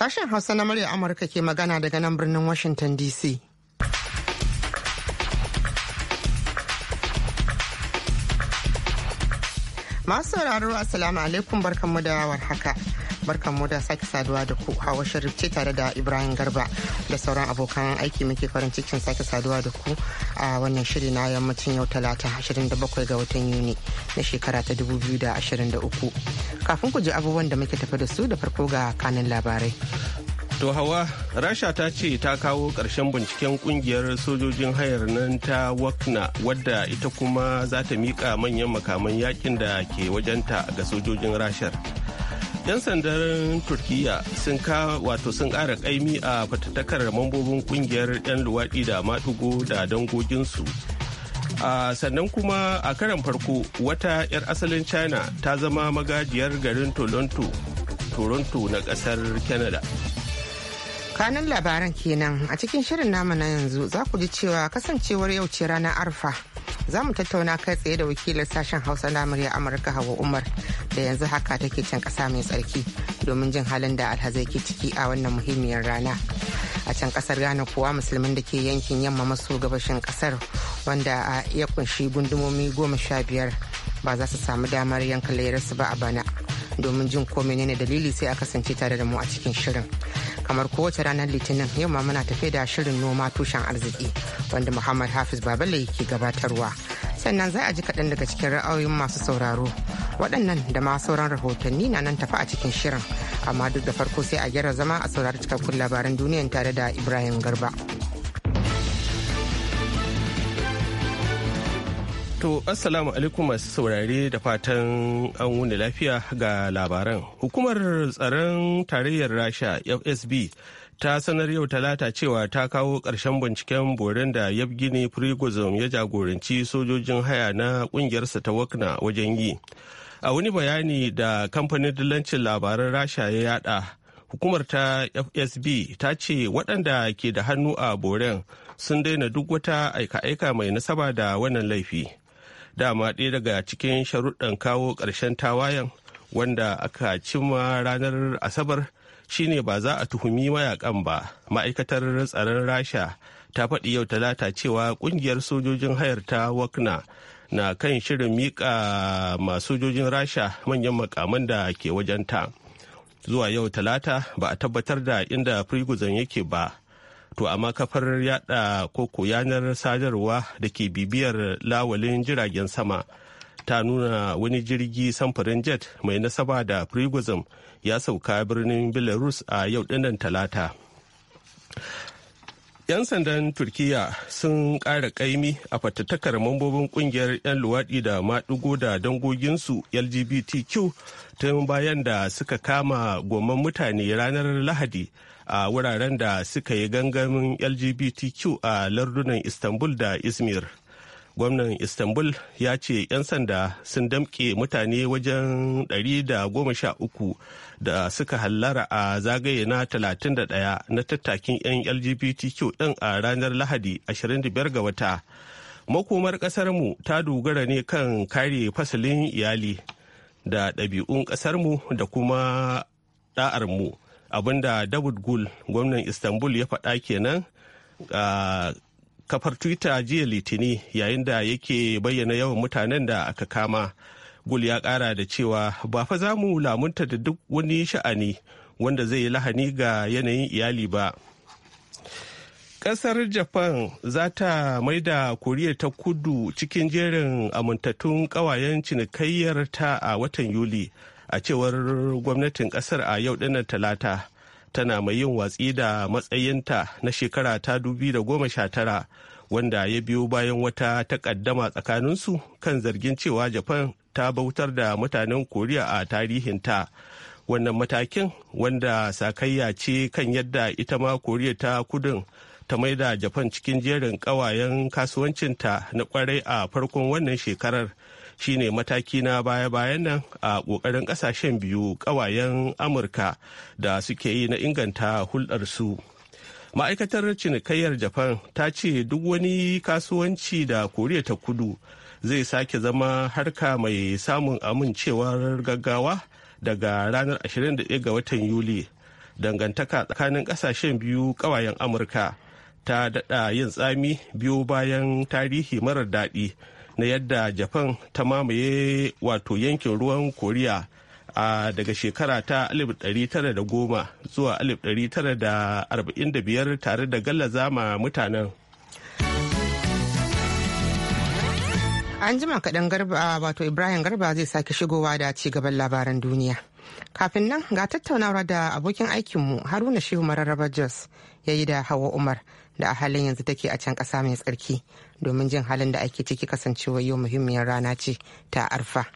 Sashen Hausa na murya Amurka ke magana daga nan birnin Washington DC. Masu sauraro Assalamu alaikum barkanmu da haka. barkan mu da sake saduwa da ku hawa sharif ce tare da ibrahim garba da sauran abokan aiki muke farin cikin sake saduwa da ku a wannan shiri na yammacin yau talata 27 ga watan yuni na shekara ta 2023 kafin ku ji abubuwan da muke tafi da su da farko ga kanin labarai To hawa, Rasha ta ce ta kawo karshen binciken ƙungiyar sojojin hayar nan ta Wakna wadda ita kuma za ta miƙa manyan makaman yakin da ke wajenta ga sojojin Rashar. 'yan sandan turkiyya sun ka wato sun kara kaimi a fatattakar mambobin kungiyar 'yan luwaɗi da matugo da dangoginsu a sannan kuma a karan farko wata 'yar asalin china ta zama magajiyar garin toronto toronto na ƙasar canada kanan labaran kenan a cikin shirin namu na yanzu za ku ji cewa kasancewar yau ce ranar arfa za mu tattauna kai tsaye da wakilin sashen hausa na murya amurka hawa umar da yanzu haka take can kasa mai tsarki domin jin halin da alhazai ke ciki a wannan muhimmiyar rana a can kasar ghana kuwa musulmin da ke yankin yamma maso gabashin kasar wanda a ya kunshi gundumomi goma sha biyar ba za su samu damar yanka layarsu ba a bana domin jin ko menene dalili sai a kasance tare da mu a cikin shirin kamar kowace ranar litinin yau ma muna tafe da shirin noma tushen arziki wanda muhammad hafiz baballe ke gabatarwa sannan za a ji kaɗan daga cikin ra'ayoyin masu sauraro waɗannan da ma sauran rahotanni na nan tafi a cikin shirin amma duk da farko sai a gyara zama a saurari cikakkun labaran duniyan tare da ibrahim garba. To, Assalamu alaikum masu saurare da fatan an wuni lafiya ga labaran. Hukumar tsaron tarayyar Rasha FSB ta sanar yau talata cewa ta kawo ƙarshen binciken borin da Gini firigozom ya jagoranci sojojin haya na ƙungiyarsa ta Wakna wajen yi. A wani bayani da kamfanin dillancin labaran Rasha ya yada, hukumar ta FSB ta ce waɗanda ke da hannu a boren sun daina duk wata aika-aika mai nasaba da wannan laifi. dama ɗaya daga cikin sharuɗan kawo ƙarshen tawayen wanda aka cimma ranar asabar shine ba za a tuhumi mayakan ba ma'aikatar tsaron rasha ta faɗi yau talata cewa ƙungiyar sojojin hayar ta wakna na kan shirin miƙa masu sojojin rasha manyan makaman da ke wajenta zuwa yau talata ba a tabbatar da inda firgizon yake ba to amma kafar yada koko yanar sadarwa da ke bibiyar lawalin jiragen sama ta nuna wani jirgi samfurin jet mai nasaba da prigozm ya sauka birnin belarus a yau dinnan talata 'yan sandan turkiya sun kara kaimi a fatattakar mambobin kungiyar 'yan luwaɗi da maɗigo da dangoginsu lgbtq tun bayan da suka kama goman mutane ranar lahadi a wuraren da suka yi gangamin lgbtq a lardunan istanbul da izmir gwamnan istanbul ya ce 'yan sanda sun damke mutane wajen 113 da suka hallara a zagaye na 31 na tattakin 'yan lgbtq ɗin a ranar lahadi 25 ga wata makomar ƙasarmu ta dogara ne kan kare fasalin iyali da ɗabi'un ƙasarmu da kuma ɗa'armu abinda david gul gwamnan istanbul ya faɗa kenan a kafar twitter jiya litini yayin da yake bayyana yawan mutanen da aka kama gul ya ƙara da cewa ba fa za mu lamunta da duk wani sha'ani wanda zai yi lahani ga yanayin iyali ba Ƙasar Japan za ta mai da Koriya ta kudu cikin jerin amintattun ƙawayen cinikayyar ta a watan Yuli a cewar gwamnatin kasar a yau dinnan talata tana mai yin watsi da matsayinta na shekara ta tara wanda ya biyo bayan wata takaddama tsakaninsu kan zargin cewa japan ta bautar da mutanen koriya a tarihinta wannan matakin wanda sakayya ce kan yadda ita ma koriya ta kudin ta mai da japan cikin jerin kawayen kasuwancinta na kwarai a farkon wannan shekarar shine mataki na baya-bayan nan a ƙoƙarin ƙasashen biyu ƙawayen amurka da suke yi na inganta hulɗarsu ma'aikatar cinikayyar japan ta ce duk wani kasuwanci da koriya ta kudu zai sake zama harka mai samun amincewar gaggawa daga ranar 21 ga watan yuli dangantaka tsakanin kasashen biyu kawayen amurka ta daɗa yin tsami biyu bayan tarihi marar daɗi na yadda japan ta mamaye wato yankin ruwan koriya daga shekara ta 1910 zuwa 1945 tare da gallaza ma mutanen an jima kaɗan garba wato ibrahim garba zai sake shigowa da cigaban labaran duniya Kafin nan ga tattaunawa da abokin aikinmu Haruna Shehu Mararraba Jos ya yi da Hawa Umar da a halin yanzu take a can ƙasa mai tsarki domin jin halin da ake ciki kasancewa yau muhimmiyar rana ce ta arfa.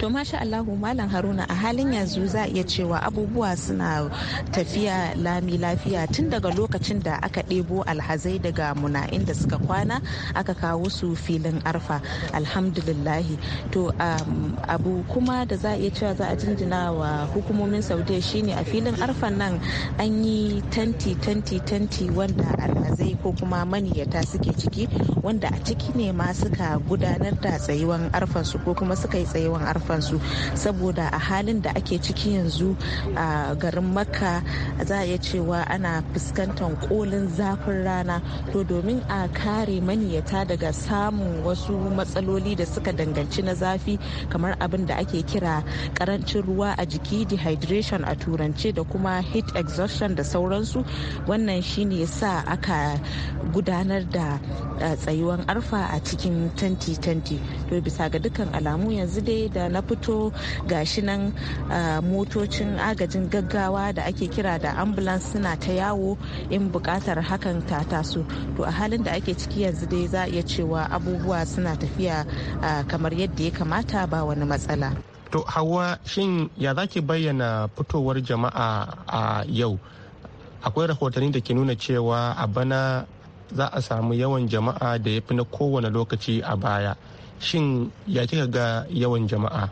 To masha Allahu Malam Haruna a halin yanzu za a iya cewa abubuwa suna tafiya lami lafiya tun daga lokacin da aka ɗebo alhazai daga muna'in da suka kwana aka kawo su filin arfa alhamdulillahi to um, abu kuma da za iya cewa za a jinjina wa hukumomin saudiya shine a filin arfan nan an yi tanti tanti tanti wanda alhazai ko kuma maniyata suke ciki wanda a ciki ne ma suka gudanar da tsayuwan arfansu ko kuma suka yi tsayuwan arfansu saboda a halin da ake ciki yanzu a garin makka za a iya cewa ana fuskantar kolin zafin rana to domin a kare maniyata daga samun wasu matsaloli da suka danganci na zafi kamar abin da ake kira karancin ruwa a jiki dehydration a turance da kuma heat exhaustion da sauransu wannan shine sa aka gudanar da tsayuwan arfa a cikin tanti-tanti to bisa ga dukkan alamu mu yanzu dai da na fito gashi nan motocin agajin gaggawa da ake kira da ambulance suna ta yawo in bukatar hakan ta taso to a halin da ake ciki yanzu dai za a iya cewa abubuwa suna tafiya kamar yadda ya kamata ba wani matsala to hawa shin ya zaki bayyana fitowar jama'a a yau akwai rahotanni da ke nuna cewa a bana za a samu yawan jama'a da ya fi na kowane lokaci a baya shin ya kika ga yawan jama'a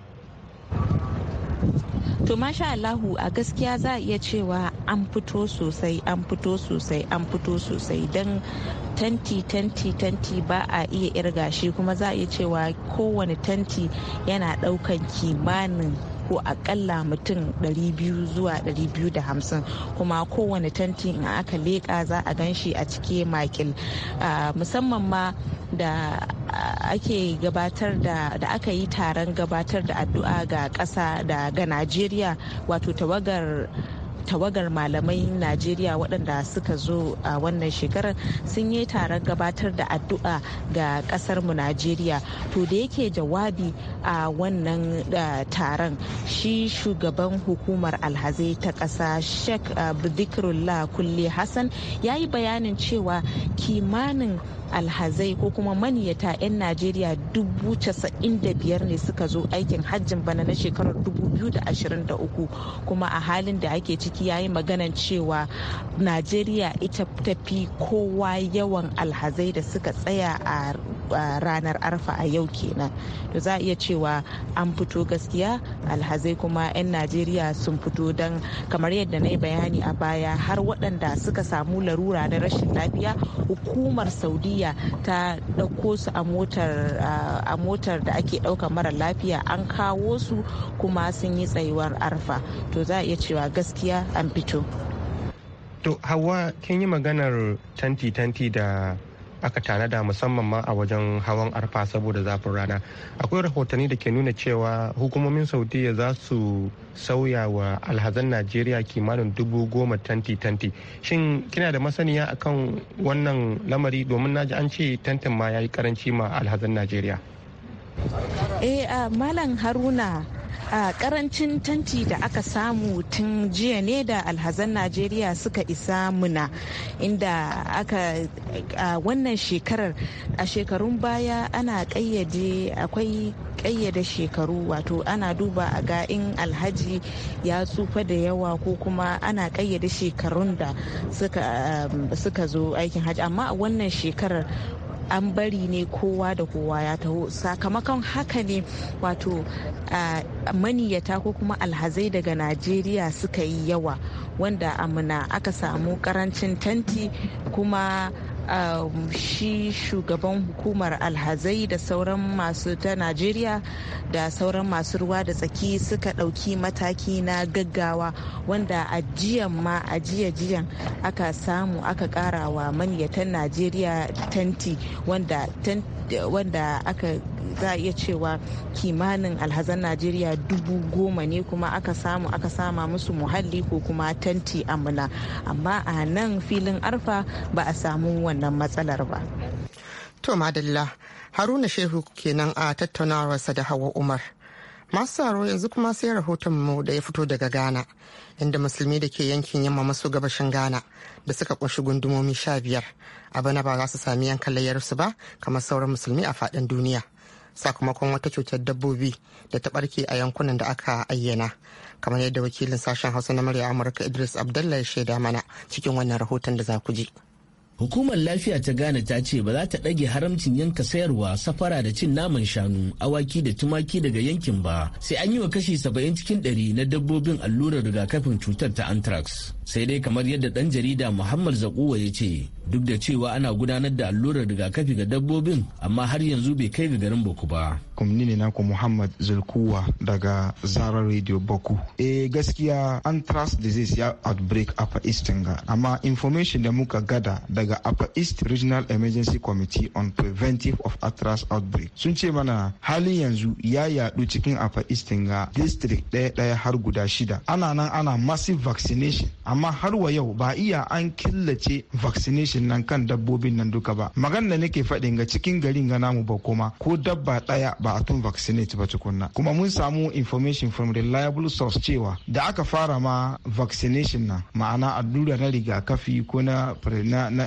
to masha Allahu a gaskiya za a iya cewa an fito sosai an fito sosai an fito sosai don tanti tanti tanti ba a iya irga shi kuma za a iya cewa kowane tanti yana daukan kimanin ko akalla mutum 200 zuwa 250 kuma kowane tanti in aka leƙa za a gan shi a cike makil musamman ma da ake gabatar da aka yi taron gabatar da addu'a ga ƙasa da ga najeriya wato tawagar tawagar malamai najeriya waɗanda suka zo a wannan shekarar sun yi taron gabatar da addu'a ga ƙasar mu najeriya to da yake jawabi a wannan taron shi shugaban hukumar alhazai ta ƙasa sheikh bidikirullah kulle hassan ya yi bayanin cewa kimanin alhazai ko kuma maniyata 'yan najeriya dubu casa'in da biyar ne suka zo aikin hajjin bana na shekarar 2023 kuma a halin da ake ciki ya yi maganan cewa najeriya ita tafi kowa yawan alhazai da suka tsaya a ranar arfa a yau kenan to za a iya cewa an fito gaskiya alhazai kuma 'yan najeriya sun fito don kamar yadda na yi bayani a baya har waɗanda suka samu larura na rashin lafiya hukumar saudiya ta ɗauko su a motar da ake ɗauka mara lafiya an kawo su kuma sun yi tsayuwar arfa to za a iya cewa gaskiya an fito to hawa kin yi maganar tanti-tanti da aka tanada musamman ma a wajen hawan arfa saboda zafin rana akwai rahotanni da ke nuna cewa hukumomin saudiya za su sauya wa alhazan najeriya kimanin dubu goma tanti tanti shin kina da masaniya akan wannan lamari domin naji an ce tantin ma ya yi karanci ma alhazan najeriya eh malam haruna a karancin tanti da aka samu tun jiya ne da alhazan najeriya suka isa muna inda aka a wannan shekarar a shekarun baya ana kayyade akwai kayyade shekaru wato ana duba a ga in alhaji ya tsufa da yawa ko kuma ana kayyade shekarun da um, suka zo aikin hajji amma a wannan shekarar an bari ne kowa da kowa ya taho sakamakon haka ne wato maniyyata ko kuma alhazai daga najeriya suka yi yawa wanda amina aka samu karancin tanti kuma Um, shi shugaban hukumar alhazai da sauran masu ta najeriya da sauran masu ruwa da tsaki suka ɗauki mataki na gaggawa wanda ajiyan ma ajiya jiyan aka samu aka karawa maniyatan najeriya tanti wanda aka za a iya cewa kimanin alhazan najeriya dubu goma ne kuma aka samu aka sama musu muhalli ko kuma tanti amina amma a nan filin arfa ba a samu wannan matsalar ba to madalla haruna shehu kenan a tattaunawarsa da hawa umar masu tsaro yanzu kuma sai rahoton mu da ya fito daga ghana inda musulmi da ke yankin yamma maso gabashin ghana da suka kunshi gundumomi sha biyar a bana ba za su sami yankan layyarsu ba kamar sauran musulmi a faɗin duniya sakamakon wata cutar dabbobi da ta barke a yankunan da aka ayyana kamar yadda wakilin sashen hausa na murya amurka idris abdallah ya shaida mana cikin wannan rahoton da za ku ji Hukumar lafiya ta Ghana ta ce ba za ta ɗage haramcin yanka sayarwa, safara da cin naman shanu, awaki da tumaki daga yankin ba, sai an yi wa kashi 70% cikin ɗari na dabbobin allurar rigakafin cutar ta anthrax. sai dai kamar yadda dan jarida muhammad zakuwa ya ce duk da cewa ana gudanar da allurar rigakafi ga dabbobin amma har yanzu bai kai ga garin boko ba kumni ne naku muhammad zulkuwa daga zara radio boko. eh gaskiya anthrax disease ya outbreak upper east nga amma information da muka gada daga upper east regional emergency committee on preventive of anthrax outbreak sun ce mana halin yanzu ya yadu cikin upper east nga district ɗaya ɗaya har guda shida ana nan ana massive vaccination amma har wa yau ba iya an killace vaccination nan kan dabbobin nan duka ba magana nake faɗin ga cikin garin ga namu ba kuma ko dabba ɗaya ba a tun vaccinate ba tukunna kuma mun samu information from reliable source cewa da aka fara ma vaccination nan ma'ana allura na rigakafi ko na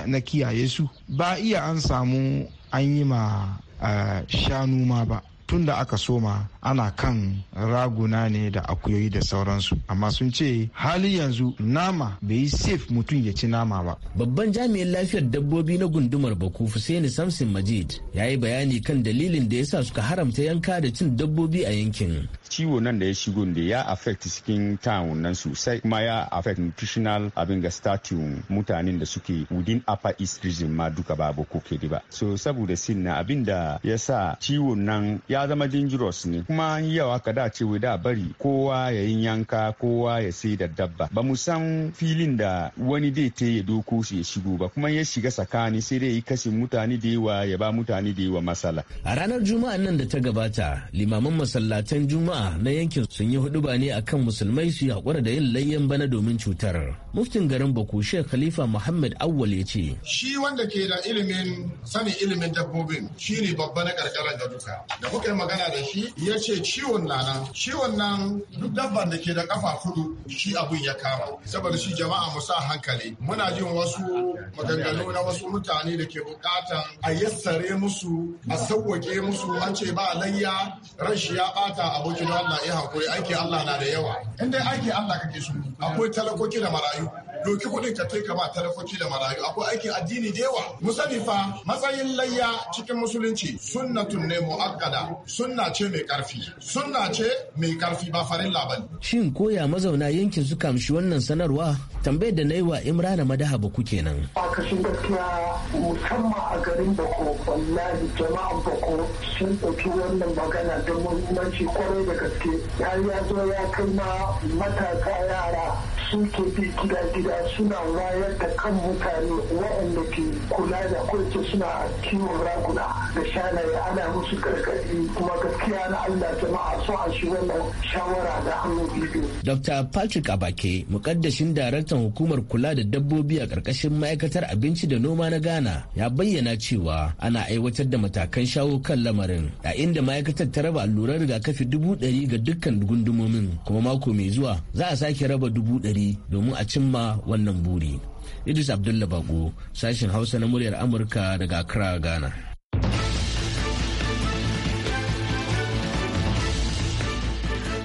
na kiyaye su ba iya an samu an yi ma eh, shanu ma ba tun da aka soma ana kan raguna ne da akuyoyi da sauransu amma sun ce hali yanzu nama bai yi safe mutum ya ci nama ba babban jami'in lafiyar dabbobi na gundumar baku Hussaini samson majid ya yi bayani kan dalilin da ya sa suka haramta yanka da cin dabbobi a yankin ciwo nan da ya shigo da ya affect cikin town nan sosai kuma ya affect nutritional abin ga statue mutanen da suke within upper east region ma duka ba boko ke ba so saboda sin na abin da ya sa ciwon nan ya zama dangerous ne kuma yau aka dace da bari kowa ya yi yanka kowa ya sai da dabba ba mu san filin da wani dai ta ya doko shi ya shigo ba kuma ya shiga tsakani sai dai yi kashin mutane da yawa ya ba mutane da yawa masala a ranar juma'a nan da ta gabata limaman masallatan juma'a na yankin sun yi ba ne akan musulmai su hakura da yin layyan bana domin cutar muftin garin baku khalifa muhammad awwal ya ce shi wanda ke da ilimin sanin ilimin dabbobin ne babba na karkara da duka da kuka yi magana da shi ya ce ciwon na nan ciwon nan duk dabban da ke da kafa kudu shi abun ya kama saboda shi jama'a mu sa hankali muna jin wasu maganganu na wasu mutane da ke bukatan a yassare musu a sauwake musu an ce ba layya rashi ya bata abokin Allah ya hakuri aiki Allah na da yawa in dai aiki Allah kake so akwai talakoki da marayu doki kuɗin ka kai ba talakoki da marayu akwai aikin addini da yawa mu sani fa matsayin layya cikin musulunci sunnatun ne muakkada sunna ce mai karfi sunna ce mai karfi ba farin bane shin koya mazauna yankin su kamshi wannan sanarwa tambayar da na yi wa imrana madaha baku kenan a kashin gaskiya musamman a garin bako wallahi jama'a bako sun ɗauki wannan magana da muhimmanci kwarai da gaske har ya zo ya kai ma matasa yara sun tafi gida-gida suna wayar da kan mutane waɗanda ke kula da kwanci suna kiwon raguna da shanaye ana musu gargaɗi kuma gaskiya na Allah jama'a so a shi wannan shawara da hannu bidiyo. Dr. Patrick Abake, mukaddashin daraktan hukumar kula da dabbobi a ƙarƙashin ma'aikatar abinci da noma na Ghana, ya bayyana cewa ana aiwatar da matakan shawo kan lamarin, a inda ma'aikatar ta raba allurar rigakafi dubu ɗari ga dukkan gundumomin, kuma mako mai zuwa za a sake raba dubu ɗari domin a cimma wannan buri. Idris Abdullah Bako, sashen Hausa na muryar Amurka daga Accra, Ghana.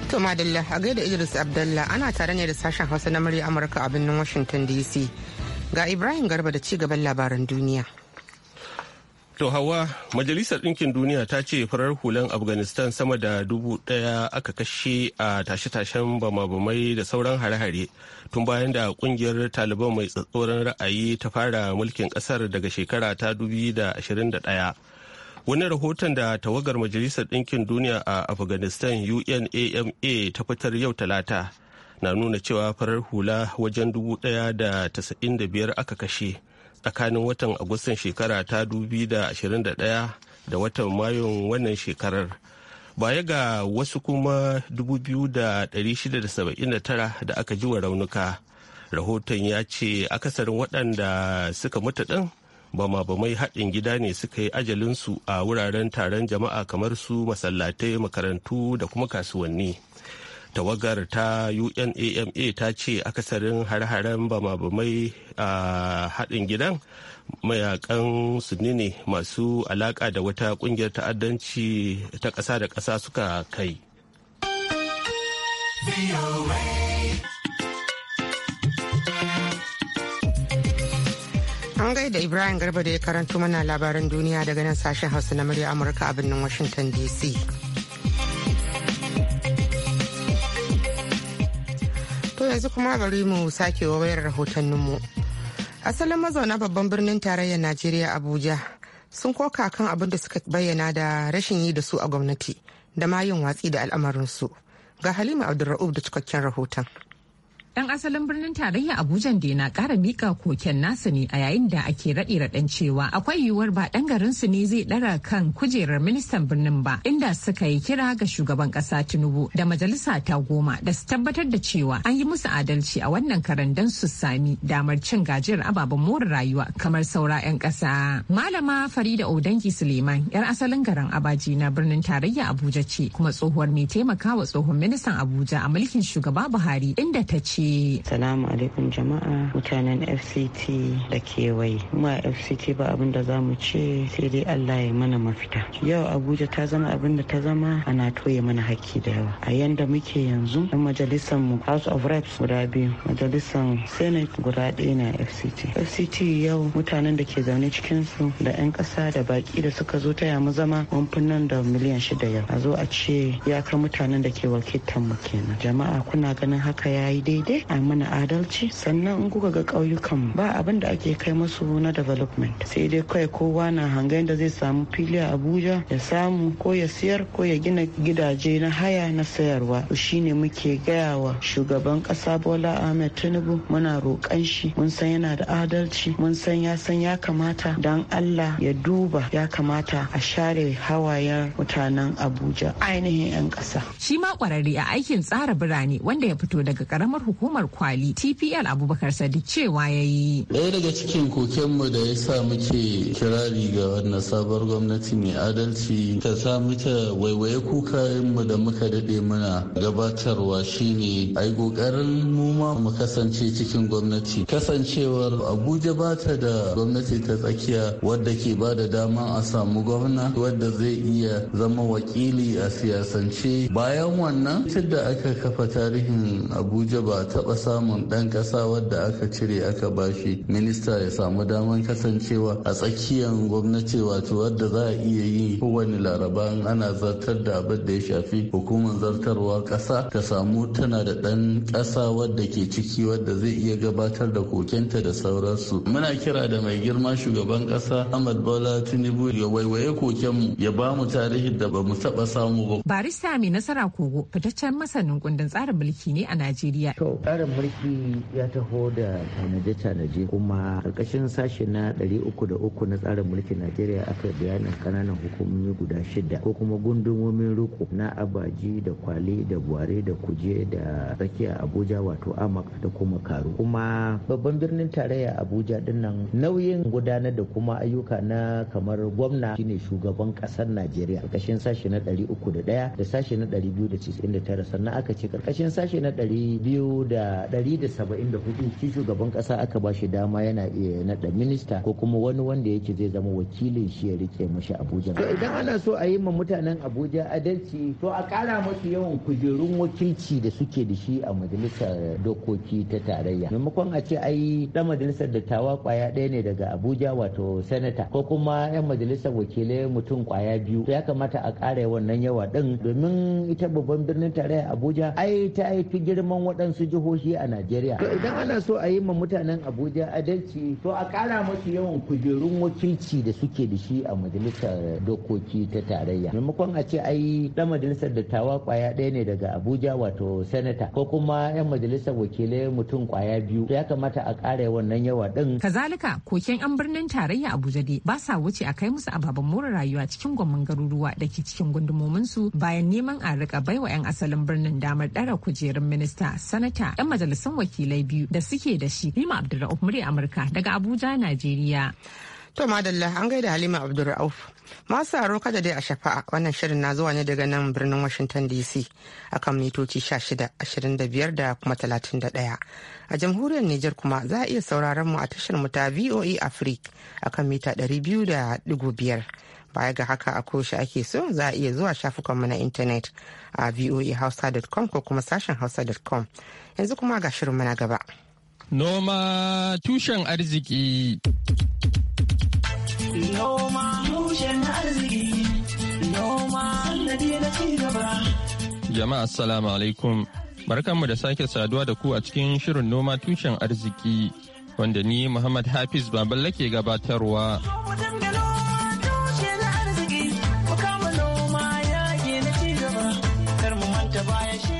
To Madalla a gaida Idris Abdallah ana tare ne da sashen Hausa na murya Amurka a birnin Washington DC. Ga Ibrahim Garba da cigaban labaran duniya. To hawa Majalisar Ɗinkin Duniya ta ce farar hulan Afghanistan sama da dubu ɗaya aka kashe a tashe-tashen bama-bamai da sauran hare-hare tun bayan da ƙungiyar Taliban mai tsatsoron ra'ayi ta fara mulkin ƙasar daga shekara ta 2021. wani rahoton da tawagar majalisar ɗinkin duniya a afghanistan unama ta fitar yau talata na nuna cewa farar hula wajen dubu aka kashe tsakanin watan agustan shekara ta dubi da watan mayun wannan shekarar baya ga wasu kuma 2,679 da aka ji wa raunuka rahoton ya ce akasarin waɗanda suka mutu ɗin bama-bamai haɗin gida ne suka yi ajalinsu a wuraren taron jama'a kamar su masallatai makarantu da kuma kasuwanni tawagar ta unama ta ce akasarin har-haren bama-bamai a haɗin gidan mayakan sunni ne masu alaƙa da wata ƙungiyar ta'addanci ta ƙasa da ƙasa suka kai. An gaida Ibrahim Garba da ya karanto mana labaran duniya daga nan sashen Hausa na murya Amurka a birnin Washington DC. To yanzu kuma bari mu sake wayar rahotanninmu. Asalin mazauna babban birnin tarayyar Najeriya Abuja sun koka kan abin da suka bayyana da rashin yi da su a gwamnati da ma yin watsi da al'amarinsu. Ga Halima Abdulra'ub da cikakken rahoton. dan asalin birnin tarayya abuja da na kara mika koken nasa ne a yayin da ake raɗe raɗen cewa akwai yiwuwar ba ɗan garin su ne zai ɗara kan kujerar ministan birnin ba inda suka yi kira ga shugaban ƙasa tinubu da majalisa ta goma da su tabbatar da cewa an yi musu adalci a wannan karan don su sami damar cin gajiyar ababen more rayuwa kamar saura 'yan ƙasa malama farida odangi suleiman 'yar asalin garin abaji na birnin tarayya abuja ce kuma tsohuwar mai taimakawa tsohon ministan abuja a mulkin shugaba buhari inda ta ce salamu alaikum jama'a mutanen fct da kewaye kuma fct ba abin da za mu ce sai dai allah ya mana mafita yau abuja ta zama abin da ta zama ana toye mana hakki da yawa a yanda muke yanzu na majalisar mu house of reps guda biyu Majalisan senate guda ɗaya na fct fct yau mutanen da ke zaune cikin su da 'yan ƙasa da baki da suka zo taya mu zama nan da miliyan shida yau a zo a ce ya mutanen da ke wakiltan mu kenan jama'a kuna ganin haka ya yi daidai a mana adalci sannan in kuka ga ƙauyukan ba abin da ake kai masu na development sai dai kai kowa na hangen da zai samu fili a abuja ya samu ko ya siyar ko ya gina gidaje na haya na sayarwa shine muke gaya wa shugaban ƙasa bola ahmed tinubu muna roƙan shi mun san yana da adalci mun san ya san ya kamata dan allah ya duba ya kamata a share hawayen mutanen abuja ainihin 'yan ƙasa shi ma kwararre a aikin tsara birane wanda ya fito daga karamar hukumar kwali tpl abubakar sadiq cewa ya yi ɗaya daga cikin kokenmu da ya sa muke kirari ga wannan sabuwar gwamnati mai adalci ta sa mata waiwaye kukayenmu da muka daɗe muna gabatarwa shine ai ƙoƙarin mu ma mu kasance cikin gwamnati kasancewar abuja ba ta da gwamnati ta tsakiya wadda ke ba da dama a samu gwamna wadda zai iya zama wakili a siyasance bayan wannan da aka kafa tarihin abuja ba taɓa samun ɗan ƙasa wadda aka cire aka bashi minista ya samu daman kasancewa a tsakiyar gwamnati wato wadda za a iya yi kowane laraba ana zartar da abin da ya shafi hukumar zartarwa ƙasa ta samu tana da ɗan ƙasa wadda ke ciki wadda zai iya gabatar da kokenta da sauransu muna kira da mai girma shugaban ƙasa ahmad bola tinubu ya waiwaye kokenmu ya ba mu tarihi da ba mu taɓa samu ba barista mai nasara kogo fitaccen masanin kundin tsarin mulki ne a najeriya to tsarin mulki ya taho da tanaje-tanaje kuma karkashin sashe na 303 na tsarin mulkin najeriya aka bayanin kananan hukumomi guda shida ko kuma gundumomin ruku na abaji da kwale da buware da kuje da tsakiya abuja wato amak da kuma karu kuma babban birnin tarayya abuja dinnan nauyin gudanar da kuma ayyuka na kamar gwamna shine shugaban kasar najeriya karkashin sashe na 301 da sashe na 299 sannan aka ce karkashin sashe na 200 da 174 shi shugaban kasa aka ba shi dama yana iya naɗa minista ko kuma wani wanda yake zai zama wakilin shi ya rike mashi abuja to idan ana so a yi ma mutanen abuja adalci to a kara masu yawan kujerun wakilci da suke da shi a majalisar dokoki ta tarayya maimakon a ce ai dan majalisar dattawa kwaya ɗaya ne daga abuja wato sanata ko kuma yan majalisar wakilai mutum kwaya biyu ya kamata a kara wannan yawa din domin ita babban birnin tarayya abuja ai ta fi girman waɗansu jihohi a Najeriya. To idan ana so a yi ma mutanen Abuja adalci to a kara musu yawan kujerun wakilci da suke da shi a majalisar dokoki ta tarayya. Maimakon a ce ai dan majalisar dattawa kwaya ɗaya ne daga Abuja wato senata ko kuma 'yan majalisar wakilai mutum kwaya biyu ya kamata a kara wannan yawa din. Kazalika koken 'yan birnin tarayya Abuja dai ba sa wuce a kai musu ababen more rayuwa cikin gwamnan garuruwa da ke cikin su bayan neman a rika baiwa 'yan asalin birnin damar ɗara kujerun minista sanata 'yan majalisun wakilai biyu da suke da shi Lima Abdulra'uf murya Amurka daga Abuja, Najeriya. To madalla an gaida Halima Abdulrauf. Masu aro kada dai a shafa'a wannan shirin na zuwa ne daga nan birnin Washington DC akan mitoci 16, da kuma 31. A jamhuriyar Nijar kuma za a iya sauraron mu a tashar mu ta VOA Africa akan mita 200.5. baya ga haka a koshi ake so za a iya zuwa shafukanmu na intanet a voahausa.com ko kuma sashen hausa.com yanzu kuma ga shirin mana gaba noma tushen arziki noma tushen arziki noma na ci gaba jama'a assalamu alaikum barkanmu da sake saduwa da ku a cikin shirin noma tushen arziki wanda ni muhammad hafiz baballe ke gabatarwa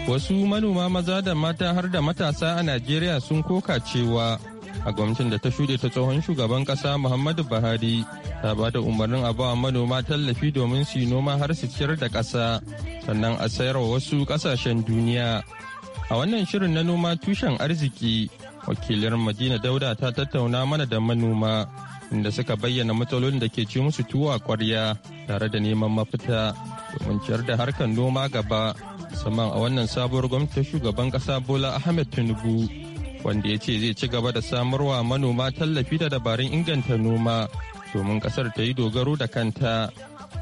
wasu manoma maza da mata har da matasa a najeriya sun koka cewa a gwamnatin da ta shuɗe ta tsohon shugaban ƙasa muhammadu buhari ta ba da umarnin a bawa manoma tallafi domin su noma har su ciyar da kasa sannan a sayar wa wasu ƙasashen duniya a wannan shirin na noma tushen arziki wakilin madina dauda ta tattauna mana da manoma inda suka bayyana matsalolin da ke ci musu tuwa kwarya tare da neman mafita domin ciyar da harkar noma gaba musamman a wannan sabuwar gwamnatin shugaban kasa bola ahmed tinubu wanda ya ce zai ci gaba da samarwa manoma tallafi da dabarun inganta noma domin kasar ta yi dogaro da kanta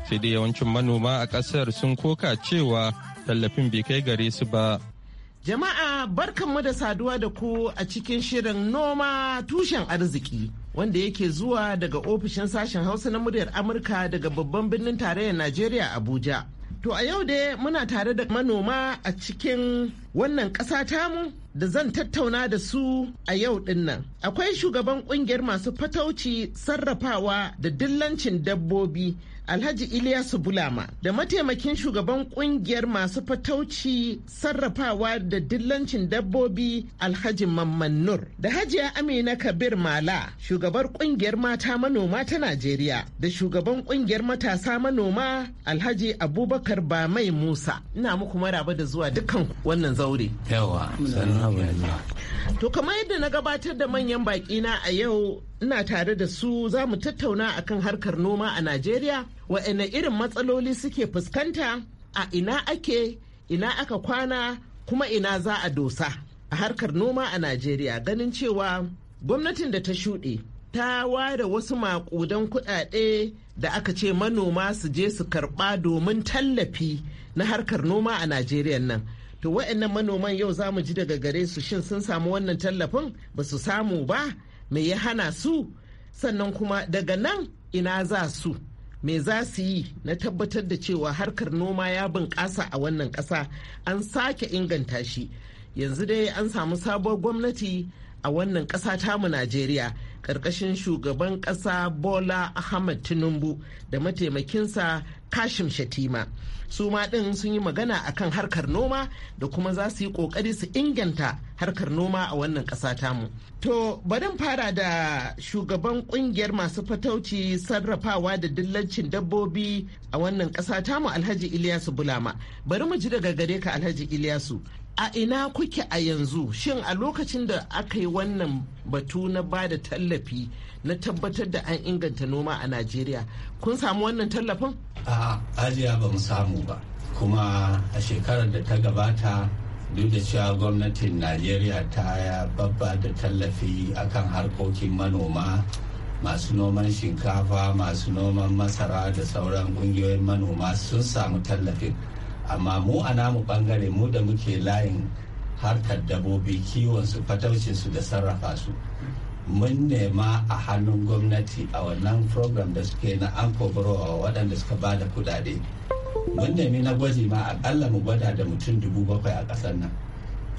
sai dai yawancin manoma a kasar sun koka cewa tallafin bai kai gare su ba jama'a barkanmu da saduwa da ku a cikin shirin noma tushen arziki wanda yake zuwa daga ofishin sashen hausa na muryar amurka daga babban birnin tarayyar najeriya abuja To a yau dai muna tare da manoma a cikin wannan ƙasa tamu da zan tattauna da su a yau dinnan. Akwai shugaban ƙungiyar masu fatauci sarrafawa da dillancin dabbobi Alhaji Iliyasu Bulama da mataimakin shugaban ƙungiyar masu fatauci sarrafawa da dillancin dabbobi Alhaji Mammanur da Hajiya Amina Kabir Mala shugabar ƙungiyar mata manoma ta Najeriya da shugaban ƙungiyar matasa manoma Alhaji Abubakar Bamai Musa. Ina muku maraba da zuwa dukkan wannan zaure. Yawa, To kamar yadda na gabatar da manyan baƙi na a yau ina tare da su za mu tattauna akan harkar noma a Najeriya, waɗanne irin matsaloli suke fuskanta a ina ake, ina aka kwana, kuma ina za a dosa a harkar noma a Najeriya ganin cewa gwamnatin da ta shuɗe ta ware wasu maƙudan kuɗaɗe da aka ce manoma su je su karɓa domin tallafi na harkar noma a Najeriya nan. to wa'annan manoman yau za mu ji daga gare su shin sun samu wannan tallafin ba su samu ba me ya hana su sannan kuma daga nan ina za su me za su yi na tabbatar da cewa harkar noma ya bunƙasa a wannan ƙasa an sake inganta shi yanzu dai an samu sabuwar gwamnati a wannan ƙasa tamu Najeriya ƙarƙashin shugaban ƙasa Bola Ahmad Tinubu da mataimakinsa Kashim Shatima. Su ma ɗin sun yi magana a kan harkar noma da kuma za su yi ƙoƙari su inganta harkar noma a wannan ƙasa tamu. To, barin fara da shugaban ƙungiyar masu fatauci sarrafawa da dillancin dabbobi a wannan ƙasa tamu Alhaji Iliyasu Bulama. Bari mu ji daga gare ka Alhaji Iliyasu. a ina kuke a yanzu shin a lokacin da aka yi wannan batu na ba da tallafi na tabbatar da an inganta noma a najeriya kun samu wannan tallafin a ajiya ba mu samu ba kuma a shekarar da ta gabata duk da cewa gwamnatin najeriya ta babba da tallafi akan harkokin manoma masu noman shinkafa masu noman masara da sauran kungiyoyin manoma sun samu tallafin amma mu a namu bangare mu da muke layin harkar dabobi kiwon su fataucin su da sarrafa su mun nema a hannun gwamnati a wannan program da suke na an kogarowa waɗanda suka ba da kudade mun nemi na gwaji ma aƙalla mu gwada da mutum dubu bakwai a ƙasar nan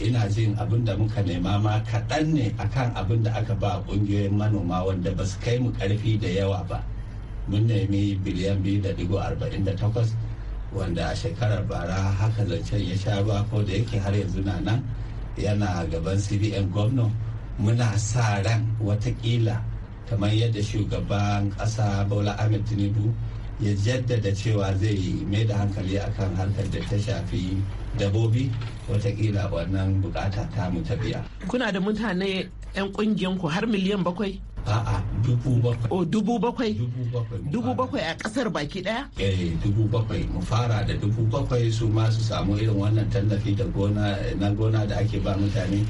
ina jin abin da muka nema ma kaɗan ne a kan abin da aka ba ƙungiyoyin manoma wanda ba su kai mu ƙarfi da yawa ba mun nemi biliyan biyu da digo arba'in da takwas wanda a shekarar bara haka zancen ya sha ruwa ko da yake har yanzu na nan yana gaban cbn gwamna muna sa ran watakila kamar yadda shugaban ƙasa bola ahmed tinubu ya jaddada cewa zai mai da hankali akan harkar da ta shafi dabobi watakila wannan bukata ta mutabiya. kuna da mutane 'yan kungiyanku har miliyan bakwai a'a dubu bakwai o oh, dubu bakwai dubu bakwai a kasar baki ɗaya. eh dubu bakwai mu fara da dubu bakwai su ma su samu irin wannan tallafi da gona na gona da ake ba mutane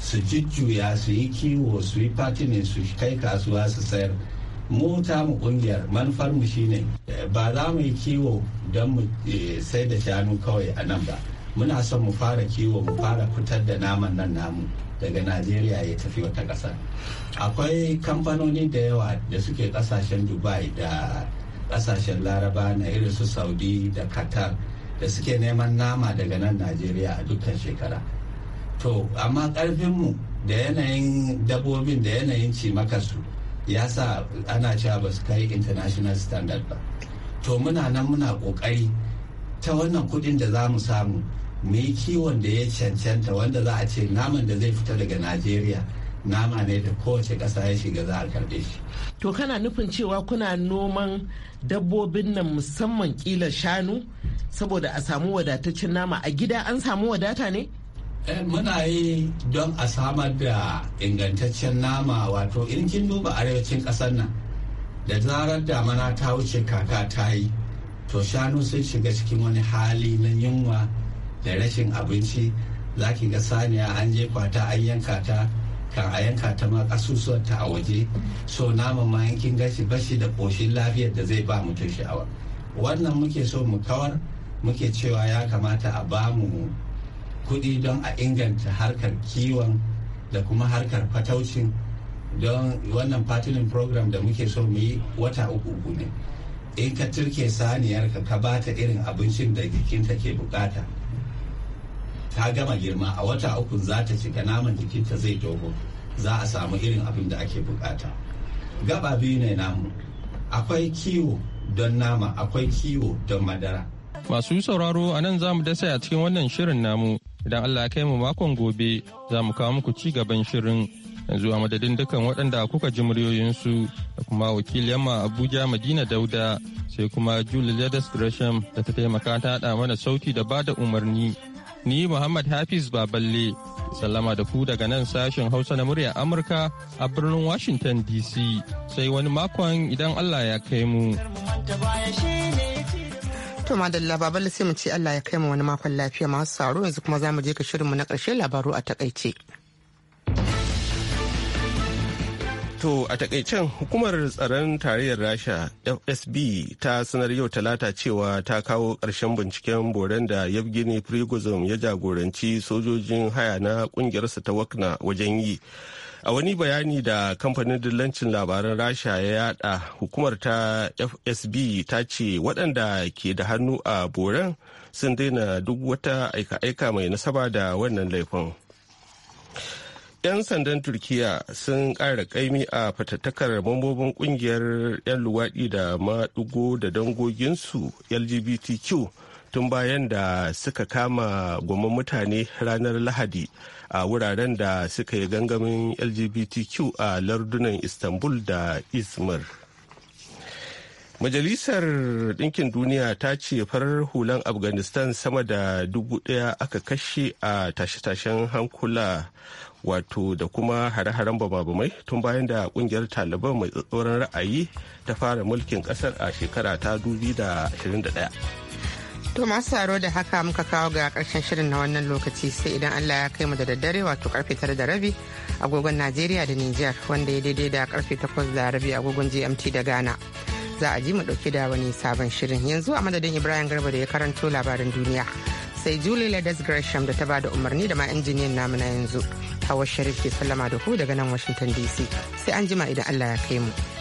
su jujjuya su yi kiwo su yi fatinin su kai kasuwa su sayar mu ta mu kungiyar manufar mu shine eh, ba za mu yi kiwo don mu eh, sai da shanu kawai a nan ba muna son mu fara kiwo mu fara fitar da naman nan namu daga najeriya ya tafi wata ƙasa akwai kamfanoni da yawa da suke ƙasashen dubai da ƙasashen laraba na irin su saudi da qatar da suke neman nama daga nan najeriya a dukkan shekara to amma ƙarfinmu da yanayin dabobin da yanayin cimakarsu ya sa ana cewa ba su kai international standard ba to muna nan muna ƙoƙari ta wannan kuɗin da za mu samu mu yi kiwon da ya cancanta wanda za a ce naman da zai fita daga najeriya nama ne da kowace ƙasa ya shiga za a karɓe shi to kana nufin cewa kuna noman dabbobin nan musamman kila shanu saboda a samu wadataccen nama a gida an samu wadata ne eh, muna yi don a samar da ingantaccen nama wato in kin duba arewacin ƙasar nan da zarar da mana ta wuce kaka ta yi to shanu sun shiga cikin wani hali na yunwa da rashin abinci za ki ga saniya an je kwata an yanka ta kan a yanka ta ma ta a waje so naman ma yankin gashi bashi da koshin lafiyar da zai ba mutum sha'awa wannan muke so mu kawar muke cewa ya kamata a ba mu kudi don a inganta harkar kiwon da kuma harkar fataucin don wannan fatinin program da muke so mu yi wata uku ne in ka turke saniyar ka ka bata irin abincin da jikinta ke bukata ta gama girma a wata uku za ta cika naman jikinta zai dogo za a samu irin abin da ake bukata gaba biyu ne namu akwai kiwo don nama akwai kiwo don madara masu sauraro a nan za mu dasa a cikin wannan shirin namu idan allah kai mu makon gobe za mu kawo muku ci gaban shirin yanzu a madadin dukkan waɗanda kuka ji muryoyinsu da kuma wakil yamma abuja madina dauda sai kuma julie ledes gresham da ta taimaka ta haɗa mana sauti da bada umarni Ni Muhammad Hafiz Baballe, sallama da ku daga nan sashen Hausa na muryar Amurka a birnin Washington DC sai wani makon idan Allah ya kai mu. To madalla Baballe sai mu ce Allah ya kai mu wani makon lafiya masu saro yanzu kuma za mu je ka shirinmu na ƙarshe labaru a takaice. To a takaicen hukumar tsaron tarayyar Rasha FSB ta sanar yau talata cewa ta kawo ƙarshen binciken boren da Yevgeny Prigozhin ya jagoranci sojojin haya na kungiyarsa ta Wakna wajen yi. A wani bayani da kamfanin dillancin labaran Rasha ya yada hukumar ta FSB ta ce waɗanda ke da hannu a boren sun daina duk wata aika-aika mai nasaba da wannan laifin. 'Yan sandan Turkiya sun ƙara ƙaimi a fatattakar mambobin ƙungiyar 'yan luwaɗi da maɗigo da dangoginsu LGBTQ tun bayan da suka kama goma mutane ranar Lahadi a wuraren da suka yi gangamin LGBTQ a lardunan Istanbul da Izmir. majalisar ɗinkin duniya ta ce farar hulan afghanistan sama da dubu ɗaya aka kashe a tashe-tashen hankula wato da kuma hare-haren bababamai tun bayan da kungiyar taliban mai tsatsauran ra'ayi ta fara mulkin kasar a shekara ta 2021 To masu tsaro da haka muka kawo ga karshen shirin na wannan lokaci sai idan Allah ya kai mu da daddare wato karfe tara da rabi agogon Najeriya da Nijar wanda ya daidai da karfe takwas da rabi agogon GMT da Ghana. za a ji mu dauke da wani sabon shirin yanzu a madadin ibrahim garba da ya karanto labarin duniya sai julie ladas gresham da ta bada umarni da ma injiniyan namu na yanzu hawa sharif ke sallama da ku daga nan washington dc sai an jima idan allah ya kai mu.